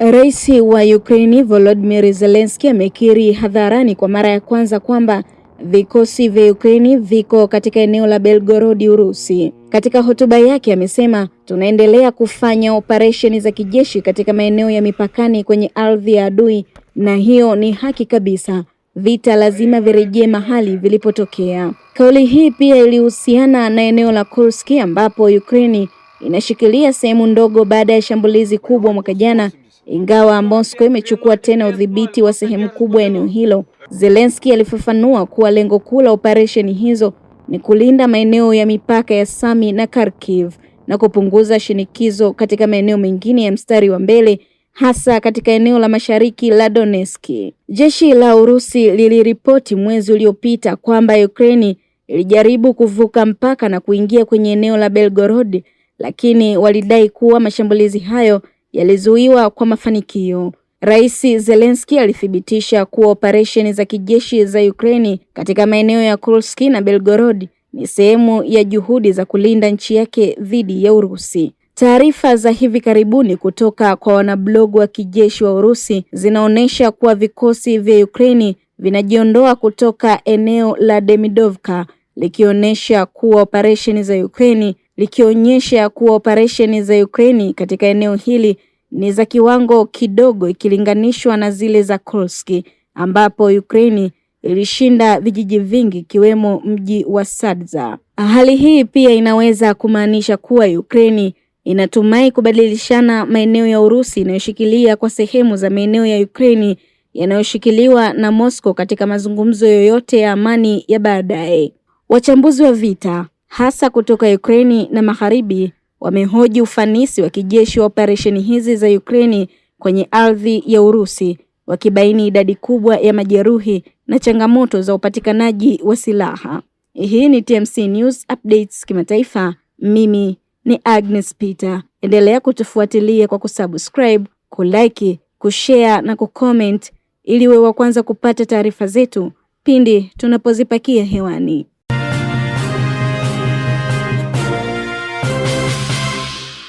Rais wa Ukraini Volodymyr Zelensky amekiri hadharani kwa mara ya kwanza kwamba vikosi vya Ukraini viko katika eneo la Belgorod, Urusi. Katika hotuba yake amesema, tunaendelea kufanya operesheni za kijeshi katika maeneo ya mipakani kwenye ardhi ya adui na hiyo ni haki kabisa. Vita lazima virejee mahali vilipotokea. Kauli hii pia ilihusiana na eneo la Kursk ambapo Ukraini inashikilia sehemu ndogo baada ya shambulizi kubwa mwaka jana ingawa Moscow imechukua tena udhibiti wa sehemu kubwa ya eneo hilo, Zelensky alifafanua kuwa lengo kuu la operesheni hizo ni kulinda maeneo ya mipaka ya Sami na Kharkiv na kupunguza shinikizo katika maeneo mengine ya mstari wa mbele hasa katika eneo la mashariki la Donetsk. Jeshi la Urusi liliripoti mwezi uliopita kwamba Ukraine ilijaribu kuvuka mpaka na kuingia kwenye eneo la Belgorod, lakini walidai kuwa mashambulizi hayo yalizuiwa kwa mafanikio. Rais Zelensky alithibitisha kuwa operesheni za kijeshi za Ukraini katika maeneo ya Kursk na Belgorod ni sehemu ya juhudi za kulinda nchi yake dhidi ya Urusi. Taarifa za hivi karibuni kutoka kwa wanablogu wa kijeshi wa Urusi zinaonyesha kuwa vikosi vya Ukraini vinajiondoa kutoka eneo la Demidovka likionyesha kuwa operesheni za Ukraini likionyesha kuwa operesheni za Ukraine katika eneo hili ni za kiwango kidogo ikilinganishwa na zile za Kursk ambapo Ukraine ilishinda vijiji vingi ikiwemo mji wa Sadza. Hali hii pia inaweza kumaanisha kuwa Ukraine inatumai kubadilishana maeneo ya Urusi inayoshikilia kwa sehemu za maeneo ya Ukraine yanayoshikiliwa na Moscow katika mazungumzo yoyote ya amani ya baadaye. Wachambuzi wa vita hasa kutoka Ukraini na Magharibi wamehoji ufanisi wa kijeshi wa operesheni hizi za Ukraini kwenye ardhi ya Urusi, wakibaini idadi kubwa ya majeruhi na changamoto za upatikanaji wa silaha. Hii ni TMC News Updates kimataifa. Mimi ni Agnes Peter. Endelea kutufuatilia kwa kusubscribe, kulike, kushare na kucomment ili wewe wa kwanza kupata taarifa zetu pindi tunapozipakia hewani.